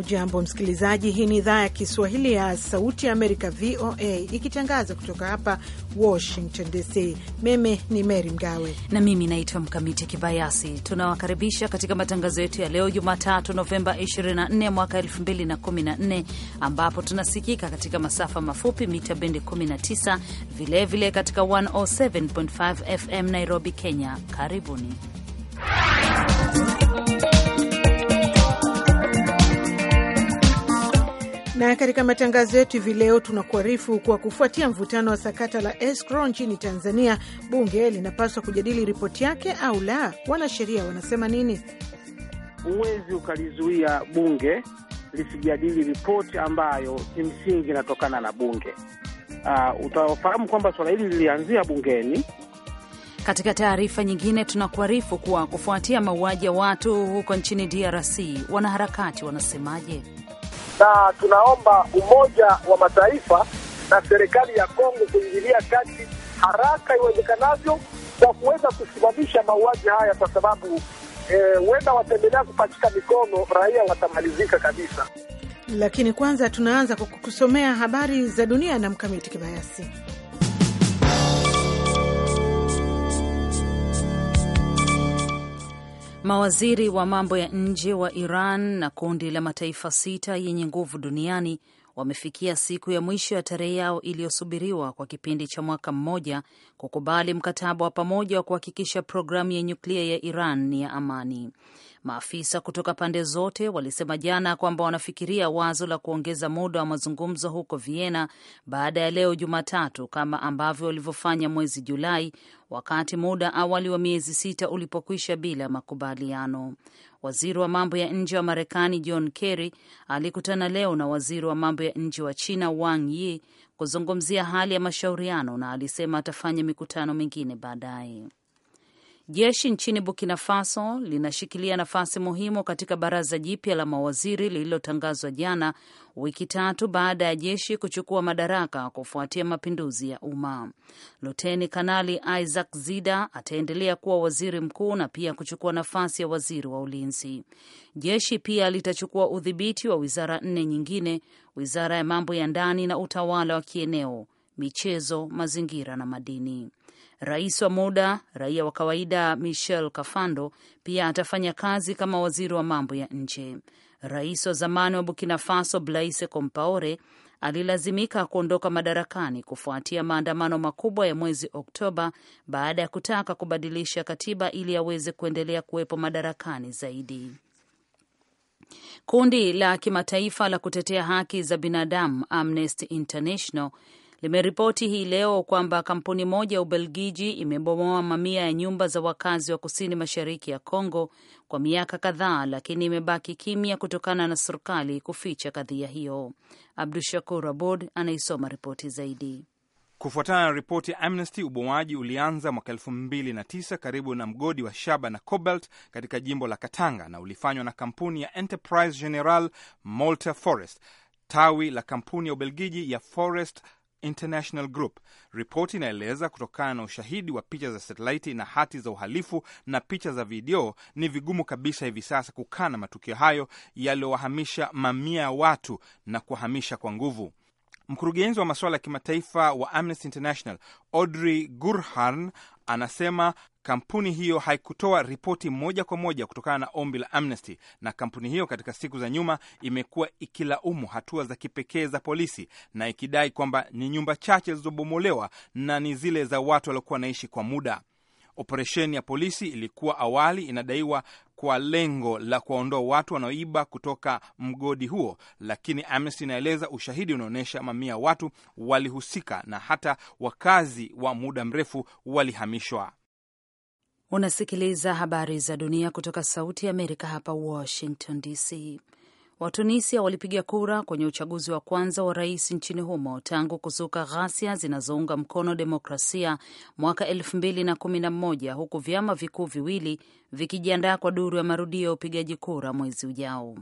Hujambo msikilizaji, hii ni idhaa ya Kiswahili ya Sauti ya Amerika, VOA, ikitangaza kutoka hapa Washington DC. Mimi ni Mary Mgawe na mimi naitwa Mkamiti Kibayasi. Tunawakaribisha katika matangazo yetu ya leo Jumatatu, Novemba 24 mwaka 2014, ambapo tunasikika katika masafa mafupi mita bendi 19, vilevile katika 107.5 FM Nairobi, Kenya. Karibuni Na katika matangazo yetu hivi leo tunakuarifu kuwa kufuatia mvutano wa sakata la escrow nchini Tanzania, bunge linapaswa kujadili ripoti yake au la. Wanasheria wanasema nini? Huwezi ukalizuia bunge lisijadili ripoti ambayo kimsingi inatokana na bunge. Uh, utafahamu kwamba suala hili lilianzia bungeni. Katika taarifa nyingine tunakuarifu kuwa kufuatia mauaji ya watu huko nchini DRC, wanaharakati wanasemaje? na tunaomba Umoja wa Mataifa na serikali ya Kongo kuingilia kati haraka iwezekanavyo kwa kuweza kusimamisha mauaji haya, kwa sababu eh, huenda eh, wataendelea kupachika mikono, raia watamalizika kabisa. Lakini kwanza tunaanza kwa kusomea habari za dunia na Mkamiti Kibayasi. Mawaziri wa mambo ya nje wa Iran na kundi la mataifa sita yenye nguvu duniani wamefikia siku ya mwisho ya tarehe yao iliyosubiriwa kwa kipindi cha mwaka mmoja kukubali mkataba wa pamoja wa kuhakikisha programu ya nyuklia ya Iran ni ya amani. Maafisa kutoka pande zote walisema jana kwamba wanafikiria wazo la kuongeza muda wa mazungumzo huko Vienna baada ya leo Jumatatu, kama ambavyo walivyofanya mwezi Julai, wakati muda awali wa miezi sita ulipokwisha bila makubaliano. Waziri wa mambo ya nje wa Marekani John Kerry alikutana leo na waziri wa mambo ya nje wa China Wang Yi kuzungumzia hali ya mashauriano na alisema atafanya mikutano mingine baadaye. Jeshi nchini Burkina Faso linashikilia nafasi muhimu katika baraza jipya la mawaziri lililotangazwa jana, wiki tatu baada ya jeshi kuchukua madaraka kufuatia mapinduzi ya umma. Luteni Kanali Isaac Zida ataendelea kuwa waziri mkuu na pia kuchukua nafasi ya waziri wa ulinzi. Jeshi pia litachukua udhibiti wa wizara nne nyingine: wizara ya mambo ya ndani na utawala wa kieneo, michezo, mazingira na madini. Rais wa muda raia wa kawaida Michel Kafando pia atafanya kazi kama waziri wa mambo ya nje. Rais wa zamani wa Burkina Faso Blaise Compaore alilazimika kuondoka madarakani kufuatia maandamano makubwa ya mwezi Oktoba baada ya kutaka kubadilisha katiba ili aweze kuendelea kuwepo madarakani zaidi. Kundi la kimataifa la kutetea haki za binadamu Amnesty International limeripoti hii leo kwamba kampuni moja ya Ubelgiji imebomoa mamia ya nyumba za wakazi wa kusini mashariki ya Kongo kwa miaka kadhaa, lakini imebaki kimya kutokana na serikali kuficha kadhia hiyo. Abdu Shakur Abud anaisoma ripoti zaidi. Kufuatana na ripoti ya Amnesty, ubomoaji ulianza mwaka elfu mbili na tisa karibu na mgodi wa shaba na cobalt katika jimbo la Katanga na ulifanywa na kampuni ya Enterprise General Malta Forest, tawi la kampuni ya Ubelgiji ya Forest International Group. Ripoti inaeleza kutokana na ushahidi wa picha za satelaiti na hati za uhalifu na picha za video, ni vigumu kabisa hivi sasa kukana matukio hayo yaliyowahamisha mamia ya watu na kuwahamisha kwa nguvu. Mkurugenzi wa masuala ya kimataifa wa Amnesty International Audrey Gurhan anasema kampuni hiyo haikutoa ripoti moja kwa moja kutokana na ombi la Amnesty, na kampuni hiyo katika siku za nyuma imekuwa ikilaumu hatua za kipekee za polisi na ikidai kwamba ni nyumba chache zilizobomolewa na ni zile za watu waliokuwa wanaishi kwa muda. Operesheni ya polisi ilikuwa awali inadaiwa kwa lengo la kuwaondoa watu wanaoiba kutoka mgodi huo, lakini Amnesty inaeleza ushahidi unaonyesha mamia watu walihusika na hata wakazi wa muda mrefu walihamishwa. Unasikiliza habari za dunia kutoka Sauti ya Amerika hapa Washington DC. Watunisia walipiga kura kwenye uchaguzi wa kwanza wa rais nchini humo tangu kuzuka ghasia zinazounga mkono demokrasia mwaka 2011 huku vyama vikuu viwili vikijiandaa kwa duru ya marudio ya upigaji kura mwezi ujao.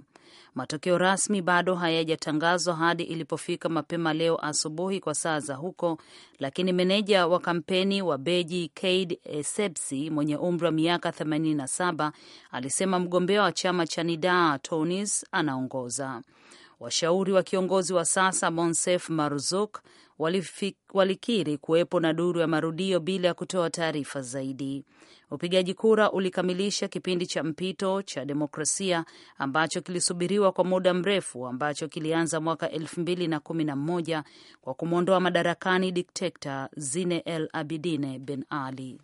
Matokeo rasmi bado hayajatangazwa hadi ilipofika mapema leo asubuhi kwa saa za huko, lakini meneja wa kampeni wa Beji Cade Essebsi mwenye umri wa miaka 87 alisema mgombea wa chama cha Nidaa Tonis anaongoza. Washauri wa kiongozi wa sasa Monsef Marzuk walikiri kuwepo na duru ya marudio bila ya kutoa taarifa zaidi. Upigaji kura ulikamilisha kipindi cha mpito cha demokrasia ambacho kilisubiriwa kwa muda mrefu ambacho kilianza mwaka elfu mbili na kumi na moja kwa kumwondoa madarakani diktekta Zine El Abidine Ben Ali.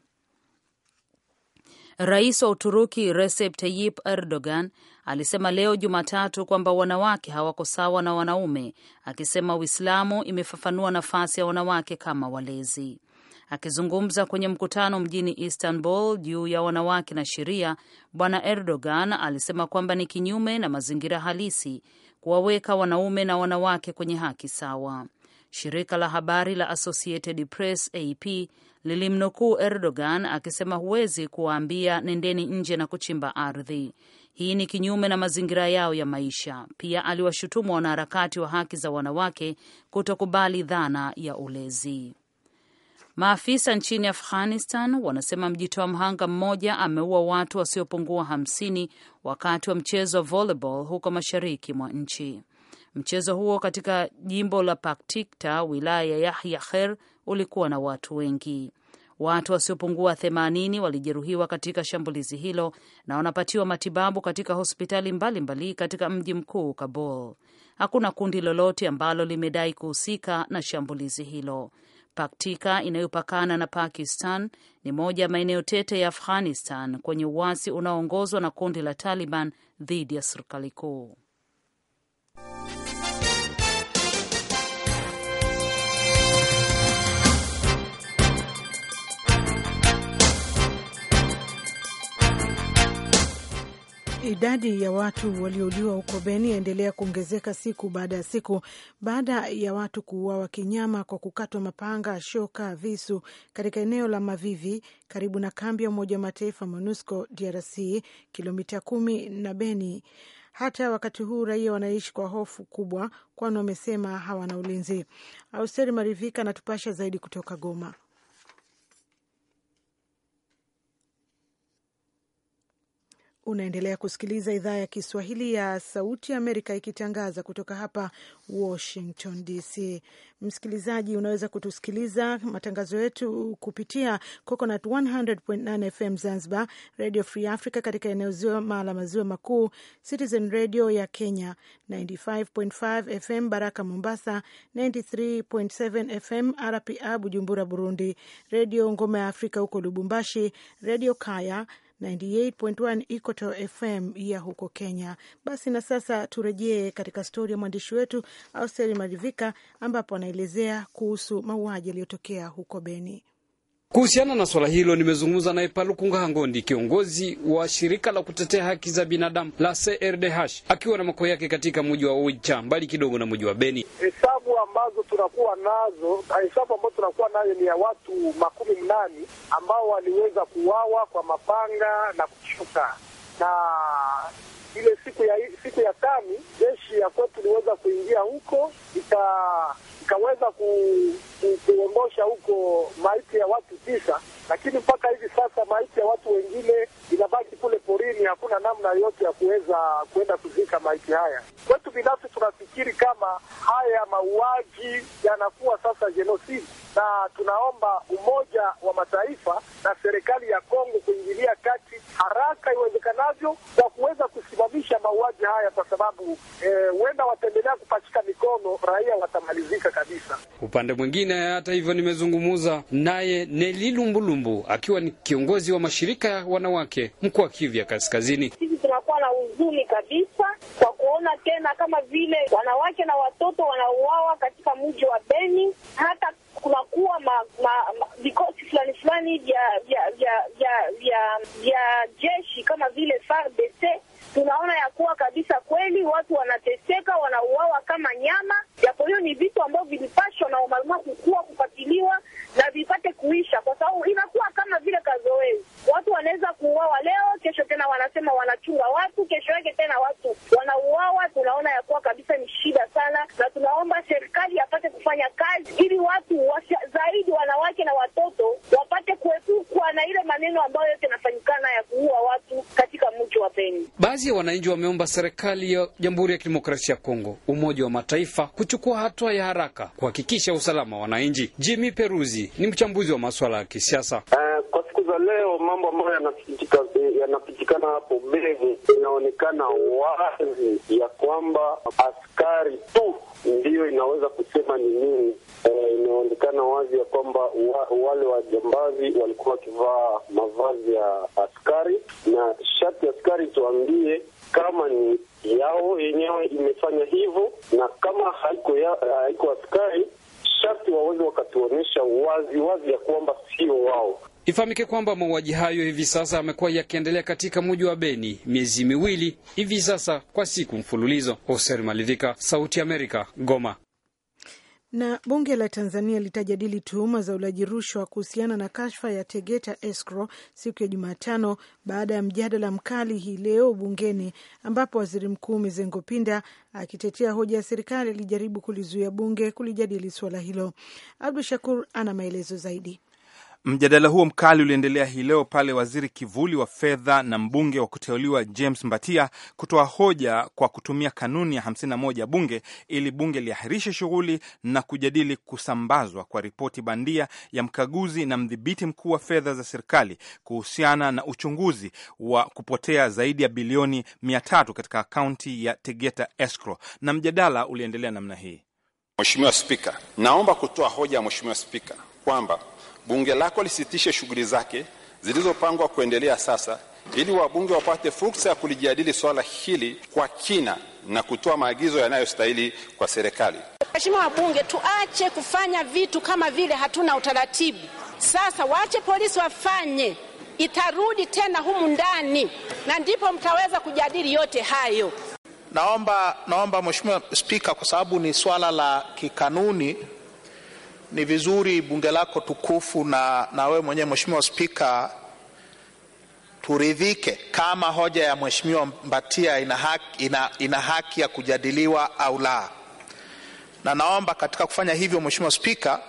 Rais wa Uturuki Recep Tayyip Erdogan alisema leo Jumatatu kwamba wanawake hawako sawa na wanaume, akisema Uislamu imefafanua nafasi ya wanawake kama walezi. Akizungumza kwenye mkutano mjini Istanbul juu ya wanawake na sheria, Bwana Erdogan alisema kwamba ni kinyume na mazingira halisi kuwaweka wanaume na wanawake kwenye haki sawa. Shirika la habari la Associated Press AP lilimnukuu Erdogan akisema huwezi kuwaambia nendeni nje na kuchimba ardhi. Hii ni kinyume na mazingira yao ya maisha. Pia aliwashutumu wanaharakati wa haki za wanawake kutokubali dhana ya ulezi. Maafisa nchini Afghanistan wanasema mjitoa mhanga mmoja ameua watu wasiopungua hamsini wakati wa mchezo wa volleyball huko mashariki mwa nchi. Mchezo huo katika jimbo la Paktikta, wilaya ya Yahya Kher, ulikuwa na watu wengi. Watu wasiopungua 80 walijeruhiwa katika shambulizi hilo na wanapatiwa matibabu katika hospitali mbalimbali mbali katika mji mkuu Kabul. Hakuna kundi lolote ambalo limedai kuhusika na shambulizi hilo. Paktika inayopakana na Pakistan ni moja ya maeneo tete ya Afghanistan kwenye uasi unaoongozwa na kundi la Taliban dhidi ya serikali kuu. Idadi ya watu waliouliwa huko Beni yaendelea kuongezeka siku baada ya siku baada ya watu kuuawa kinyama kwa kukatwa mapanga, shoka, visu katika eneo la Mavivi karibu na kambi ya Umoja wa Mataifa MONUSCO DRC, kilomita kumi na Beni. Hata wakati huu raia wanaishi kwa hofu kubwa, kwani wamesema hawana ulinzi. Austeri Marivika anatupasha zaidi kutoka Goma. Unaendelea kusikiliza idhaa ya Kiswahili ya Sauti ya Amerika ikitangaza kutoka hapa Washington DC. Msikilizaji, unaweza kutusikiliza matangazo yetu kupitia Coconut 100.9 FM Zanzibar, Radio Free Africa katika eneo zima la maziwa makuu, Citizen Radio ya Kenya 95.5 FM, Baraka Mombasa 93.7 FM, RPA Bujumbura Burundi, Redio Ngoma ya Afrika huko Lubumbashi, Redio Kaya 98.1 Equator FM ya huko Kenya. Basi na sasa turejee katika stori ya mwandishi wetu Austeri Malivika, ambapo anaelezea kuhusu mauaji yaliyotokea huko Beni. Kuhusiana na swala hilo nimezungumza naye Palukunga Hangondi, kiongozi wa shirika la kutetea haki za binadamu la CRDH, akiwa na makao yake katika mji wa Oicha, mbali kidogo na mji wa Beni hesabu ambazo tunakuwa nazo, hesabu ambazo tunakuwa nayo ni ya watu makumi mnani ambao waliweza kuwawa kwa mapanga na kushuka na ile siku ya siku ya tani jeshi ya kwetu iliweza kuingia huko ikaweza ku, ku, kuongosha huko maiti ya watu tisa lakini mpaka hivi sasa maiti ya watu wengine inabaki kule porini. Hakuna namna yote ya kuweza kuenda kuzika maiti haya. Kwetu binafsi tunafikiri kama haya mauaji yanakuwa sasa jenosidi, na tunaomba Umoja wa Mataifa na serikali ya Kongo kuingilia kati haraka iwezekanavyo kwa kuweza kusimamisha mauaji haya, kwa sababu eh, huenda e, wataendelea kupachika mikono, raia watamalizika kabisa. Upande mwingine, hata hivyo, nimezungumza naye Nelilumbulu Mulumbu akiwa ni kiongozi wa mashirika ya wanawake mkoa Kivu Kaskazini. Sisi tunakuwa na huzuni kabisa kwa kuona tena kama vile wanawake na watoto wanauawa katika mji wa Beni, hata kunakuwa vikosi fulani fulani vya jeshi kama vile FARDC tunaona ya kuwa kabisa kweli watu wanateseka, wanauawa kama nyama, japo hiyo ni vitu ambavyo vilipashwa na umaluma kukua kufatiliwa na vipate kuisha, kwa sababu inakuwa kama vile kazoezi Watu wanaweza kuuawa leo, kesho tena wanasema wanachunga watu, kesho yake tena watu wanauawa. Tunaona ya kuwa kabisa ni shida sana, na tunaomba serikali yapate kufanya kazi ili watu washa, zaidi wanawake na watoto wapate kuepukwa na ile maneno ambayo yote yanafanyikana ya kuua watu katika mji wa Beni. Baadhi ya wananchi wameomba serikali ya Jamhuri ya Kidemokrasia ya Kongo, Umoja wa Mataifa kuchukua hatua ya haraka kuhakikisha usalama wa wananchi. Jimmy Peruzi ni mchambuzi wa masuala ya kisiasa. Eh, leo mambo ambayo yanapitikana hapo Beni, inaonekana wazi ya kwamba askari tu ndiyo inaweza kusema ni nini. E, inaonekana wazi ya kwamba wa, wale wajambazi walikuwa wakivaa mavazi ya askari, na shati askari tuambie kama ni yao yenyewe imefanya hivyo, na kama haiko, ya, haiko askari sharti waweze wakatuonyesha wazi wazi ya kwamba sio wao. Ifahamike kwamba mauaji hayo hivi sasa yamekuwa yakiendelea katika mji wa Beni miezi miwili hivi sasa kwa siku mfululizo. Hoser Malivika, Sauti Amerika, Goma. Na bunge la Tanzania litajadili tuhuma za ulaji rushwa kuhusiana na kashfa ya Tegeta Escrow siku ya Jumatano baada ya mjadala mkali hii leo bungeni, ambapo waziri mkuu Mizengo Pinda akitetea hoja ya serikali alijaribu kulizuia bunge kulijadili suala hilo. Abdu Shakur ana maelezo zaidi. Mjadala huo mkali uliendelea hii leo pale waziri kivuli wa fedha na mbunge wa kuteuliwa James Mbatia kutoa hoja kwa kutumia kanuni ya 51 ya bunge ili bunge liahirishe shughuli na kujadili kusambazwa kwa ripoti bandia ya mkaguzi na mdhibiti mkuu wa fedha za serikali kuhusiana na uchunguzi wa kupotea zaidi ya bilioni 300 katika akaunti ya Tegeta Escrow, na mjadala uliendelea namna hii. Mheshimiwa Spika, naomba kutoa hoja ya Mheshimiwa Spika kwamba bunge lako lisitishe shughuli zake zilizopangwa kuendelea sasa ili wabunge wapate fursa ya kulijadili swala hili kwa kina na kutoa maagizo yanayostahili kwa serikali. Waheshimiwa wabunge, tuache kufanya vitu kama vile hatuna utaratibu. Sasa waache polisi wafanye, itarudi tena humu ndani, na ndipo mtaweza kujadili yote hayo. Naomba, naomba Mheshimiwa Spika, kwa sababu ni swala la kikanuni ni vizuri bunge lako tukufu na, na wewe mwenyewe Mheshimiwa Spika, turidhike kama hoja ya Mheshimiwa Mbatia ina haki, ina, ina haki ya kujadiliwa au la, na naomba katika kufanya hivyo Mheshimiwa Spika,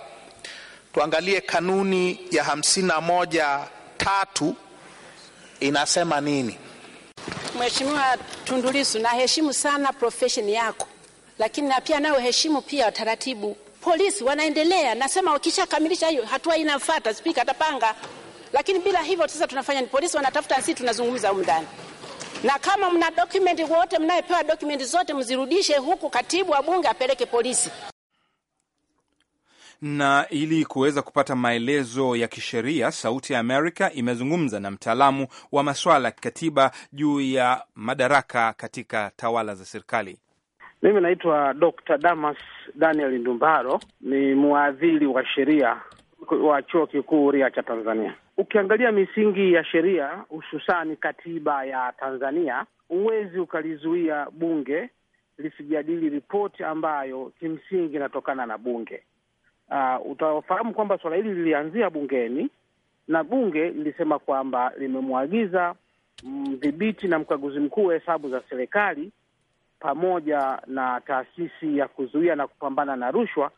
tuangalie kanuni ya hamsini na moja tatu inasema nini. Mheshimiwa Tundulisu, naheshimu sana profession yako, lakini na pia nayo heshimu pia taratibu polisi wanaendelea, nasema wakishakamilisha hiyo hatua inafuata, spika atapanga. Lakini bila hivyo sasa tunafanya ni polisi wanatafuta, sisi tunazungumza huko ndani. Na kama mna dokumenti wote, mnayepewa dokumenti zote mzirudishe huku, katibu wa bunge apeleke polisi na ili kuweza kupata maelezo ya kisheria Sauti ya Amerika imezungumza na mtaalamu wa masuala ya kikatiba juu ya madaraka katika tawala za serikali. Mimi naitwa Dr. Damas Daniel Ndumbaro, ni mwadhiri wa sheria wa chuo kikuu RIA cha Tanzania. Ukiangalia misingi ya sheria hususani katiba ya Tanzania, huwezi ukalizuia bunge lisijadili ripoti ambayo kimsingi inatokana na bunge. Uh, utafahamu kwamba suala hili lilianzia bungeni na bunge lilisema kwamba limemwagiza mdhibiti mm, na mkaguzi mkuu wa hesabu za serikali pamoja na taasisi ya kuzuia na kupambana na rushwa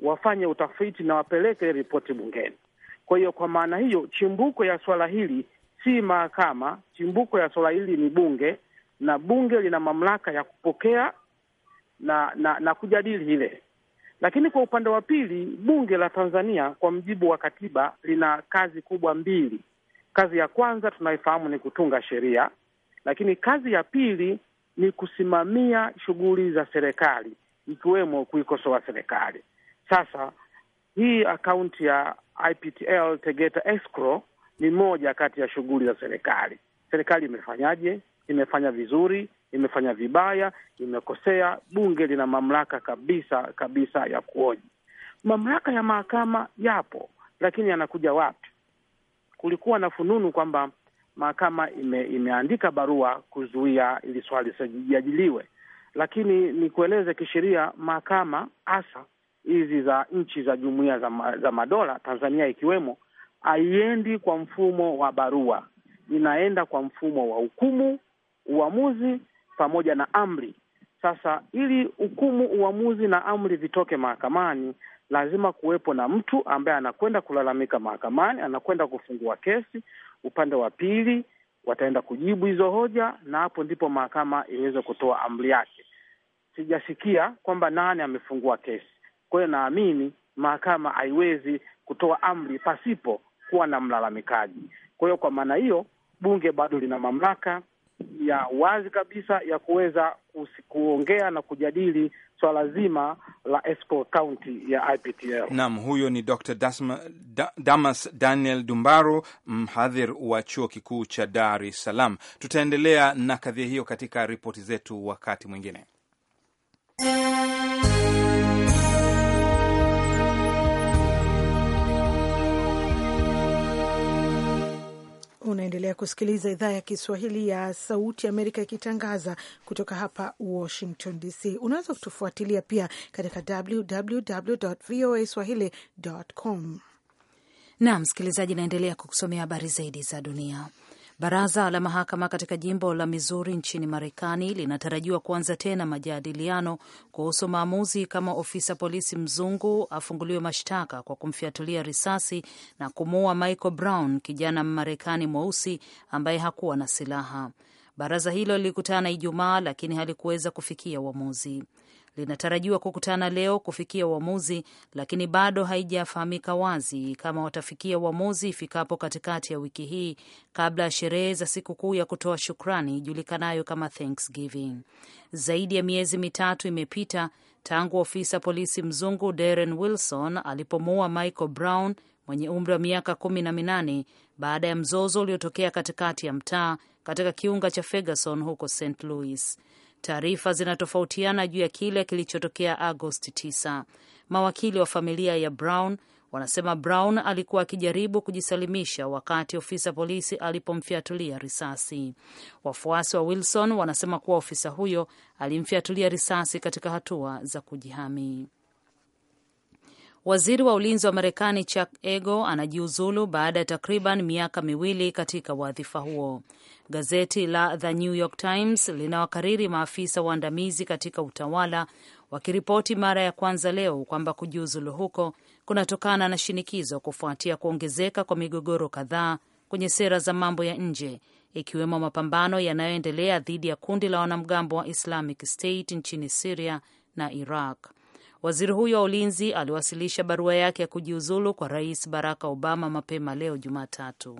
wafanye utafiti na wapeleke ripoti bungeni. Kwa hiyo kwa maana hiyo, chimbuko ya swala hili si mahakama, chimbuko ya swala hili ni bunge, na bunge lina mamlaka ya kupokea na na, na kujadili hile. Lakini kwa upande wa pili, bunge la Tanzania kwa mujibu wa katiba lina kazi kubwa mbili. Kazi ya kwanza tunaifahamu ni kutunga sheria, lakini kazi ya pili ni kusimamia shughuli za serikali ikiwemo kuikosoa serikali. Sasa hii akaunti ya IPTL Tegeta Escrow ni moja kati ya shughuli za serikali. Serikali imefanyaje? Imefanya vizuri? Imefanya vibaya? Imekosea? Bunge lina mamlaka kabisa kabisa ya kuoji. Mamlaka ya mahakama yapo, lakini yanakuja wapi? Kulikuwa na fununu kwamba mahakama ime, imeandika barua kuzuia ili swali sijajiliwe, lakini kueleze kisheria, mahakama hasa hizi za nchi za jumuiya za, za madola Tanzania ikiwemo, haiendi kwa mfumo wa barua, inaenda kwa mfumo wa hukumu, uamuzi pamoja na amri. Sasa ili hukumu, uamuzi na amri vitoke mahakamani, lazima kuwepo na mtu ambaye anakwenda kulalamika mahakamani, anakwenda kufungua kesi upande wa pili wataenda kujibu hizo hoja, na hapo ndipo mahakama iweze kutoa amri yake. Sijasikia kwamba nani amefungua kesi, kwa hiyo naamini mahakama haiwezi kutoa amri pasipo kuwa na mlalamikaji. Kwa hiyo kwa maana hiyo bunge bado lina mamlaka ya wazi kabisa ya kuweza kuongea na kujadili swala zima la Esco County ya IPTL. Naam, huyo ni Dr. Dasma, da, Damas Daniel Dumbaro, mhadhir wa chuo kikuu cha Dar es Salaam. Tutaendelea na kadhia hiyo katika ripoti zetu wakati mwingine. Unaendelea kusikiliza idhaa ya Kiswahili ya Sauti Amerika ikitangaza kutoka hapa Washington DC. Unaweza kutufuatilia pia katika www voa swahili.com. Naam msikilizaji, naendelea kukusomea habari zaidi za dunia. Baraza la mahakama katika jimbo la Missouri nchini Marekani linatarajiwa kuanza tena majadiliano kuhusu maamuzi kama ofisa polisi mzungu afunguliwe mashtaka kwa kumfiatulia risasi na kumuua Michael Brown, kijana Mmarekani mweusi ambaye hakuwa na silaha. Baraza hilo lilikutana Ijumaa lakini halikuweza kufikia uamuzi linatarajiwa kukutana leo kufikia uamuzi, lakini bado haijafahamika wazi kama watafikia uamuzi ifikapo katikati ya wiki hii kabla ya sherehe za sikukuu ya kutoa shukrani ijulikanayo kama Thanksgiving. Zaidi ya miezi mitatu imepita tangu ofisa polisi mzungu Darren Wilson alipomuua Michael Brown mwenye umri wa miaka kumi na minane baada ya mzozo uliotokea katikati ya mtaa katika kiunga cha Ferguson huko St Louis. Taarifa zinatofautiana juu ya kile kilichotokea Agosti 9. Mawakili wa familia ya Brown wanasema Brown alikuwa akijaribu kujisalimisha wakati ofisa polisi alipomfyatulia risasi. Wafuasi wa Wilson wanasema kuwa ofisa huyo alimfyatulia risasi katika hatua za kujihami. Waziri wa ulinzi wa Marekani Chuck Ego anajiuzulu baada ya takriban miaka miwili katika wadhifa huo. Gazeti la The New York Times linawakariri maafisa waandamizi katika utawala wakiripoti mara ya kwanza leo kwamba kujiuzulu huko kunatokana na shinikizo kufuatia kuongezeka kwa migogoro kadhaa kwenye sera za mambo ya nje ikiwemo mapambano yanayoendelea dhidi ya kundi la wanamgambo wa Islamic State nchini siria na Iraq. Waziri huyo wa ulinzi aliwasilisha barua yake ya kujiuzulu kwa Rais Barack Obama mapema leo Jumatatu,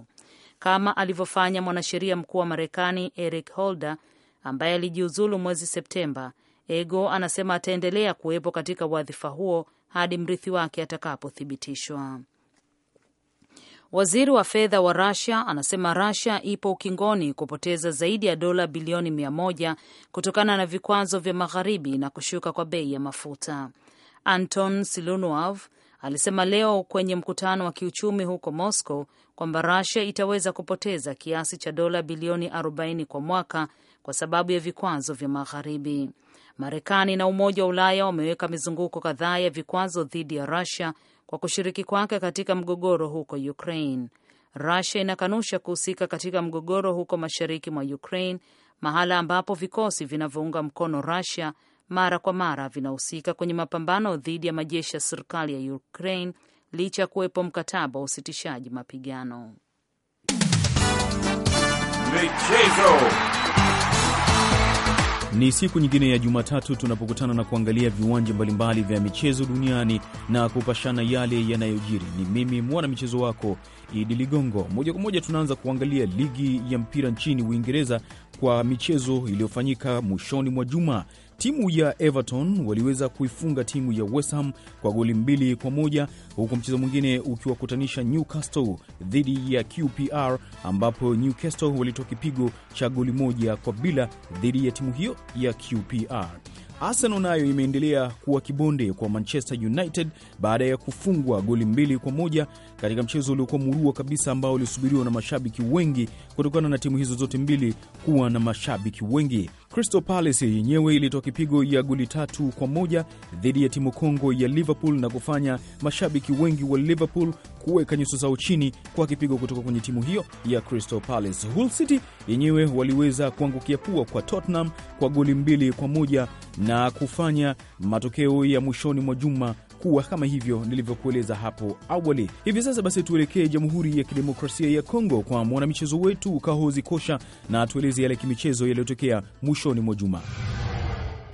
kama alivyofanya mwanasheria mkuu wa Marekani Eric Holder ambaye alijiuzulu mwezi Septemba. Ego anasema ataendelea kuwepo katika wadhifa huo hadi mrithi wake atakapothibitishwa. Waziri wa fedha wa rasia anasema rasia ipo ukingoni kupoteza zaidi ya dola bilioni mia moja kutokana na vikwazo vya magharibi na kushuka kwa bei ya mafuta. Anton Siluanov alisema leo kwenye mkutano wa kiuchumi huko Moscow kwamba Russia itaweza kupoteza kiasi cha dola bilioni 40 kwa mwaka kwa sababu ya vikwazo vya Magharibi. Marekani na Umoja wa Ulaya wameweka mizunguko kadhaa ya vikwazo dhidi ya Russia kwa kushiriki kwake katika mgogoro huko Ukraine. Russia inakanusha kuhusika katika mgogoro huko mashariki mwa Ukraine, mahala ambapo vikosi vinavyounga mkono Russia mara kwa mara vinahusika kwenye mapambano dhidi ya majeshi ya serikali ya Ukraine licha ya kuwepo mkataba wa usitishaji mapigano. Michezo. Ni siku nyingine ya Jumatatu tunapokutana na kuangalia viwanja mbalimbali vya michezo duniani na kupashana yale yanayojiri. Ni mimi michezo wako Idi Ligongo. Moja kwa moja tunaanza kuangalia ligi ya mpira nchini Uingereza kwa michezo iliyofanyika mwishoni mwa juma. Timu ya Everton waliweza kuifunga timu ya West Ham kwa goli mbili kwa moja huku mchezo mwingine ukiwakutanisha Newcastle dhidi ya QPR ambapo Newcastle walitoa kipigo cha goli moja kwa bila dhidi ya timu hiyo ya QPR. Arsenal nayo imeendelea kuwa kibonde kwa Manchester United baada ya kufungwa goli mbili kwa moja katika mchezo uliokuwa murua kabisa ambao ulisubiriwa na mashabiki wengi kutokana na timu hizo zote mbili kuwa na mashabiki wengi. Crystal Palace yenyewe ilitoa kipigo ya goli tatu kwa moja dhidi ya timu kongo ya Liverpool na kufanya mashabiki wengi wa Liverpool kuweka nyuso zao chini kwa kipigo kutoka kwenye timu hiyo ya Crystal Palace. Hull City yenyewe waliweza kuangukia pua kwa Tottenham kwa goli mbili kwa moja na kufanya matokeo ya mwishoni mwa juma kuwa kama hivyo nilivyokueleza hapo awali. Hivi sasa basi, tuelekee Jamhuri ya Kidemokrasia ya Kongo kwa mwanamichezo wetu Kahozi Kosha na tueleze yale kimichezo yaliyotokea mwishoni mwa juma.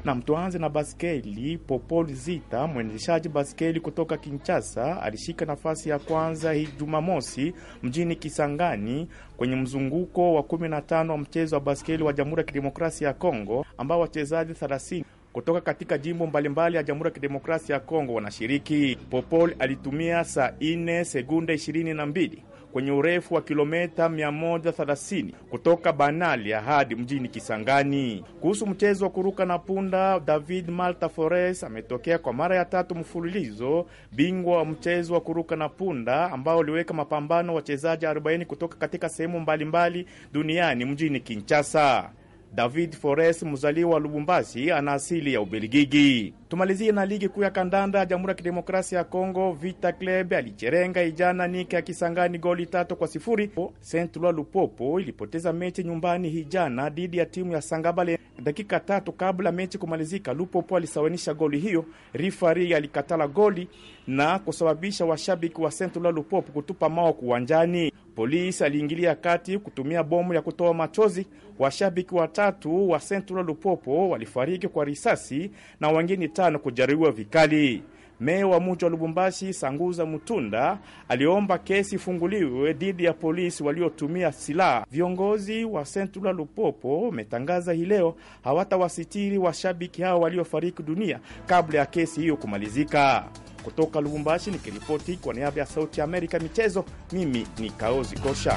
Nam, tuanze na baskeli. Popol Zita, mwendeshaji baskeli kutoka Kinshasa, alishika nafasi ya kwanza hii Jumamosi mjini Kisangani kwenye mzunguko wa 15 wa mchezo wa baskeli wa Jamhuri ya Kidemokrasia ya Kongo ambao wachezaji 30 kutoka katika jimbo mbalimbali ya Jamhuri ya Kidemokrasia ya Kongo wanashiriki. Popol alitumia saa 4 sekunde 22 kwenye urefu wa kilometa 130 kutoka Banalia hadi mjini Kisangani. Kuhusu mchezo wa kuruka na punda, David Malta fores ametokea kwa mara ya tatu mfululizo bingwa wa mchezo wa kuruka na punda ambao uliweka mapambano wachezaji 40 kutoka katika sehemu mbalimbali duniani mjini Kinshasa. David Forest, mzaliwa wa Lubumbashi, ana asili ya Ubelgiji. Tumalizie na ligi kuu ya kandanda Jamhuri ya Kidemokrasia ya Kongo. Vita Club alicherenga ijana Nike ya Kisangani goli tatu kwa sifuri. Saint Eloi Lupopo ilipoteza mechi nyumbani hijana dhidi ya timu ya Sangabale. Dakika tatu kabla mechi kumalizika, Lupopo alisawanisha goli hiyo, rifari alikatala goli na kusababisha washabiki wa Saint Eloi Lupopo kutupa mao kuwanjani. Polisi aliingilia kati kutumia bomu ya kutoa machozi. Washabiki watatu wa Saint Lupopo walifariki kwa risasi na wengine na kujeruhiwa vikali. Meya wa mji wa Lubumbashi Sanguza Mutunda aliomba kesi ifunguliwe dhidi ya polisi waliotumia silaha. Viongozi wa Sentula Lupopo wametangaza hii leo hawatawasitiri washabiki hao waliofariki dunia kabla ya kesi hiyo kumalizika. Kutoka Lubumbashi nikiripoti kwa niaba ya Sauti ya Amerika michezo, mimi ni Kaozi Kosha.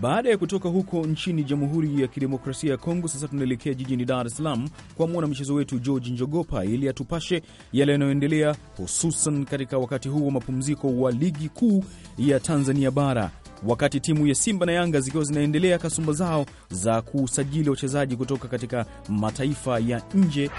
Baada ya kutoka huko nchini Jamhuri ya Kidemokrasia ya Kongo, sasa tunaelekea jijini Dar es Salaam kwa mwanamchezo wetu George Njogopa ili atupashe yale yanayoendelea, hususan katika wakati huu wa mapumziko wa Ligi Kuu ya Tanzania Bara, wakati timu ya Simba na Yanga zikiwa zinaendelea kasumba zao za kusajili wachezaji kutoka katika mataifa ya nje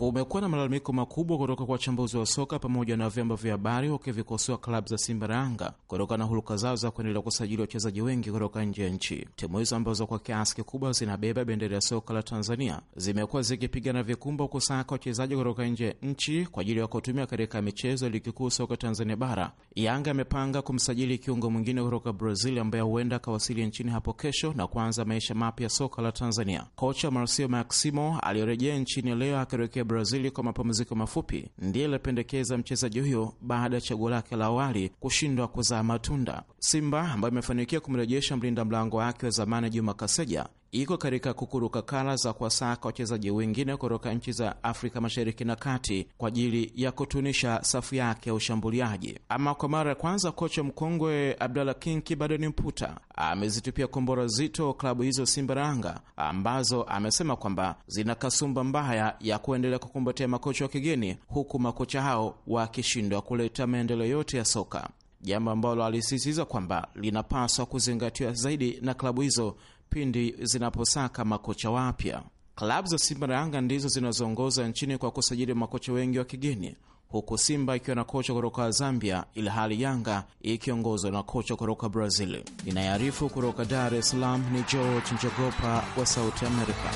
kumekuwa na malalamiko makubwa kutoka kwa wachambuzi wa soka pamoja na vyombo vya habari wakivikosoa klabu za Simba na Yanga kutokana na huluka zao za kuendelea kusajili wachezaji wengi kutoka nje ya nchi. Timu hizo ambazo kwa kiasi kikubwa zinabeba bendera ya soka la Tanzania zimekuwa zikipigana vikumbo kusaka wachezaji kutoka nje ya nchi kwa ajili ya kutumia katika michezo ya ligi kuu soka Tanzania Bara. Yanga amepanga kumsajili kiungo mwingine kutoka Brazil ambaye huenda akawasili nchini hapo kesho na kuanza maisha mapya soka la Tanzania. Kocha Marcio Maximo aliyorejea nchini leo akirekea Brazil kwa mapumziko mafupi ndiye alipendekeza mchezaji huyo baada ya chaguo lake la awali kushindwa kuzaa matunda. Simba ambayo imefanikiwa kumrejesha mlinda mlango wake wa zamani Juma Kaseja iko katika kukuruka kala za kuwasaka wachezaji wengine kutoka nchi za Afrika Mashariki na Kati kwa ajili ya kutunisha safu yake ya ushambuliaji. Ama kwa mara ya kwanza kocha mkongwe Abdallah Kinki bado ni mputa, amezitupia kombora zito klabu hizo Simbaranga ambazo amesema kwamba zina kasumba mbaya ya kuendelea kukumbatia makocha wa kigeni, huku makocha hao wakishindwa kuleta maendeleo yote ya soka, jambo ambalo alisisitiza kwamba linapaswa kuzingatiwa zaidi na klabu hizo pindi zinaposaka makocha wapya. Klabu za Simba na Yanga ndizo zinazoongoza nchini kwa kusajili makocha wengi wa kigeni, huku Simba ikiwa na kocha kutoka Zambia ilhali Yanga ikiongozwa na kocha kutoka Brazil. Inayoarifu kutoka Dar es Salaam ni George Njogopa wa Sauti Amerika.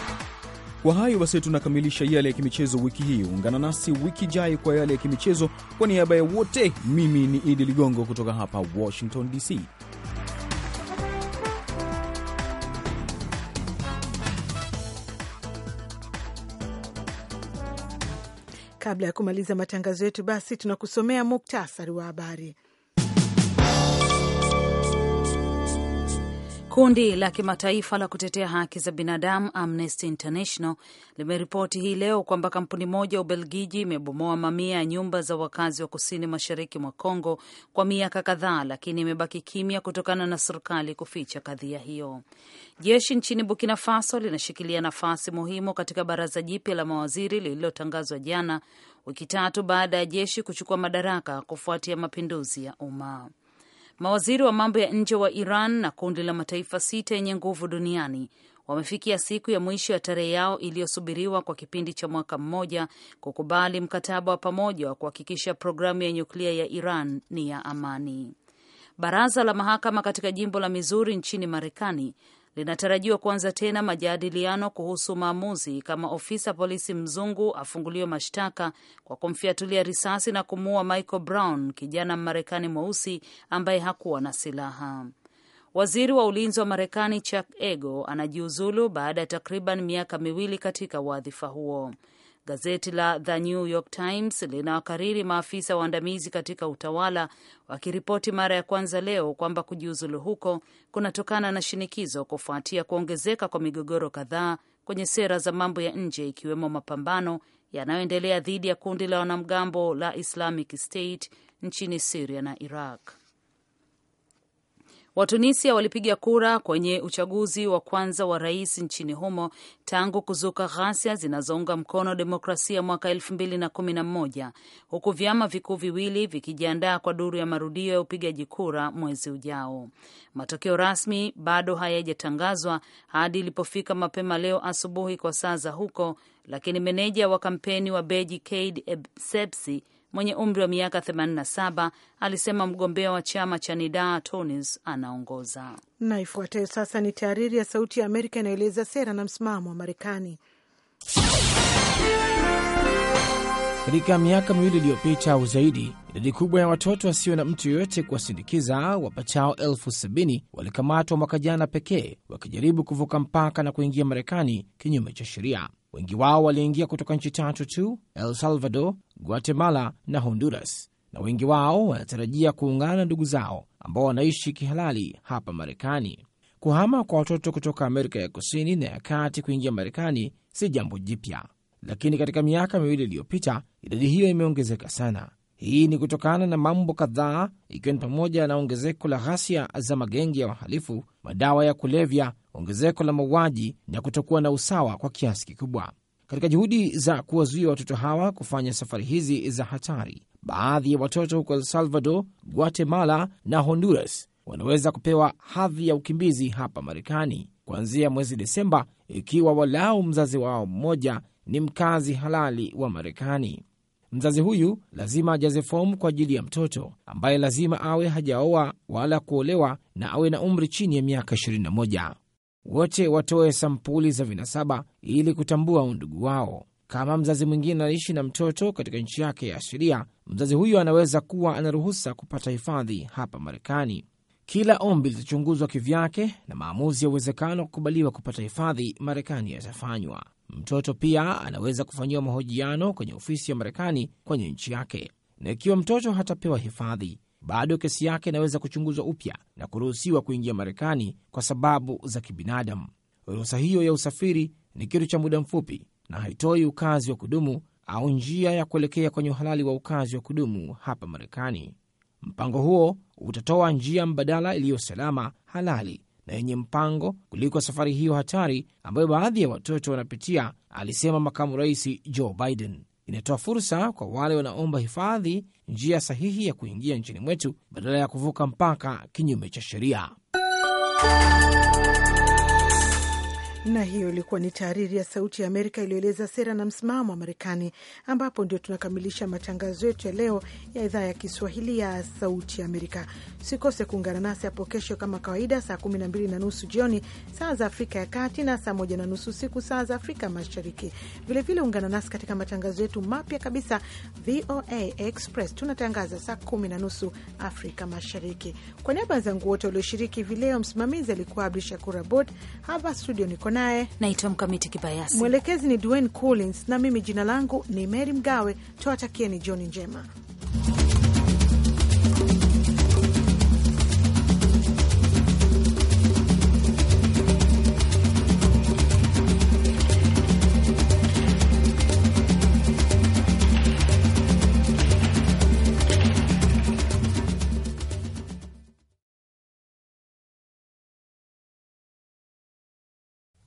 Kwa hayo basi, tunakamilisha yale ya kimichezo wiki hii. Ungana nasi wiki ijayo kwa yale ya kimichezo. Kwa niaba ya wote, mimi ni Idi Ligongo kutoka hapa Washington DC. Kabla ya kumaliza matangazo yetu, basi tunakusomea muktasari wa habari. Kundi la kimataifa la kutetea haki za binadamu Amnesty International limeripoti hii leo kwamba kampuni moja ya Ubelgiji imebomoa mamia ya nyumba za wakazi wa kusini mashariki mwa Kongo kwa miaka kadhaa, lakini imebaki kimya kutokana na serikali kuficha kadhia hiyo. Jeshi nchini Burkina Faso linashikilia nafasi muhimu katika baraza jipya la mawaziri lililotangazwa jana, wiki tatu baada ya jeshi kuchukua madaraka kufuatia mapinduzi ya umma. Mawaziri wa mambo ya nje wa Iran na kundi la mataifa sita yenye nguvu duniani wamefikia siku ya mwisho ya tarehe yao iliyosubiriwa kwa kipindi cha mwaka mmoja kukubali mkataba wa pamoja wa kuhakikisha programu ya nyuklia ya Iran ni ya amani. Baraza la mahakama katika jimbo la Mizuri nchini Marekani linatarajiwa kuanza tena majadiliano kuhusu maamuzi kama ofisa polisi mzungu afunguliwe mashtaka kwa kumfiatulia risasi na kumuua Michael Brown, kijana Mmarekani mweusi ambaye hakuwa na silaha. Waziri wa ulinzi wa Marekani Chuck Ego anajiuzulu baada ya takriban miaka miwili katika wadhifa huo. Gazeti la The New York Times linawakariri maafisa waandamizi katika utawala wakiripoti mara ya kwanza leo kwamba kujiuzulu huko kunatokana na shinikizo kufuatia kuongezeka kwa migogoro kadhaa kwenye sera za mambo ya nje ikiwemo mapambano yanayoendelea dhidi ya kundi la wanamgambo la Islamic State nchini siria na Iraq. Watunisia walipiga kura kwenye uchaguzi wa kwanza wa rais nchini humo tangu kuzuka ghasia zinazounga mkono demokrasia mwaka elfu mbili na kumi na moja huku vyama vikuu viwili vikijiandaa kwa duru ya marudio ya upigaji kura mwezi ujao. Matokeo rasmi bado hayajatangazwa hadi ilipofika mapema leo asubuhi kwa saa za huko, lakini meneja wa kampeni wa Beji kd Essebsi mwenye umri wa miaka 87 alisema mgombea wa chama cha nida tonis anaongoza. Na ifuatayo sasa ni tahariri ya Sauti ya Amerika inayoeleza sera na msimamo wa Marekani. Katika miaka miwili iliyopita au zaidi, idadi kubwa ya watoto wasio na mtu yoyote kuwasindikiza wapatao elfu sabini walikamatwa mwaka jana pekee wakijaribu kuvuka mpaka na kuingia Marekani kinyume cha sheria. Wengi wao waliingia kutoka nchi tatu tu, El Salvador, Guatemala na Honduras, na wengi wao wanatarajia kuungana na ndugu zao ambao wanaishi kihalali hapa Marekani. Kuhama kwa watoto kutoka Amerika ya kusini na ya kati kuingia Marekani si jambo jipya, lakini katika miaka miwili iliyopita idadi hiyo imeongezeka sana. Hii ni kutokana na mambo kadhaa, ikiwa ni pamoja na ongezeko la ghasia za magengi ya wahalifu, madawa ya kulevya ongezeko la mauaji na kutokuwa na usawa kwa kiasi kikubwa. Katika juhudi za kuwazuia watoto hawa kufanya safari hizi za hatari, baadhi ya watoto huko El Salvador, Guatemala na Honduras wanaweza kupewa hadhi ya ukimbizi hapa Marekani kuanzia mwezi Desemba ikiwa walau mzazi wao mmoja ni mkazi halali wa Marekani. Mzazi huyu lazima ajaze fomu kwa ajili ya mtoto ambaye lazima awe hajaoa wala kuolewa na awe na umri chini ya miaka 21 wote watoe sampuli za vinasaba ili kutambua undugu wao. Kama mzazi mwingine anaishi na mtoto katika nchi yake ya ashiria, mzazi huyo anaweza kuwa anaruhusa kupata hifadhi hapa Marekani. Kila ombi litachunguzwa kivyake na maamuzi ya uwezekano wa kukubaliwa kupata hifadhi Marekani yatafanywa. Mtoto pia anaweza kufanyiwa mahojiano kwenye ofisi ya Marekani kwenye nchi yake, na ikiwa mtoto hatapewa hifadhi, bado kesi yake inaweza kuchunguzwa upya na kuruhusiwa kuingia Marekani kwa sababu za kibinadamu. Ruhusa hiyo ya usafiri ni kitu cha muda mfupi na haitoi ukazi wa kudumu au njia ya kuelekea kwenye uhalali wa ukazi wa kudumu hapa Marekani. Mpango huo utatoa njia mbadala iliyo salama, halali na yenye mpango kuliko safari hiyo hatari ambayo baadhi ya watoto wanapitia, alisema makamu rais Joe Biden inatoa fursa kwa wale wanaomba hifadhi njia sahihi ya kuingia nchini mwetu badala ya kuvuka mpaka kinyume cha sheria. Na hiyo ilikuwa ni tahariri ya Sauti ya Amerika iliyoeleza sera na msimamo wa Marekani, ambapo ndio tunakamilisha matangazo yetu ya leo ya idhaa ya Kiswahili ya Sauti ya Amerika. Sikose kuungana nasi hapo kesho kama kawaida, saa kumi na mbili na nusu jioni saa za Afrika ya Kati na saa moja na nusu usiku saa za Afrika Mashariki. Vilevile ungana nasi katika matangazo yetu mapya kabisa, VOA Express. Tunatangaza saa kumi na nusu Afrika Mashariki. Kwa niaba ya wenzangu wote walioshiriki hivi leo, msimamizi alikuwa Abdu Shakur Abod hapa studio niko naye naitwa Mkamiti Kibayasi, mwelekezi ni Dwayne Collins na mimi jina langu ni Mary Mgawe. Tuwatakieni jioni njema.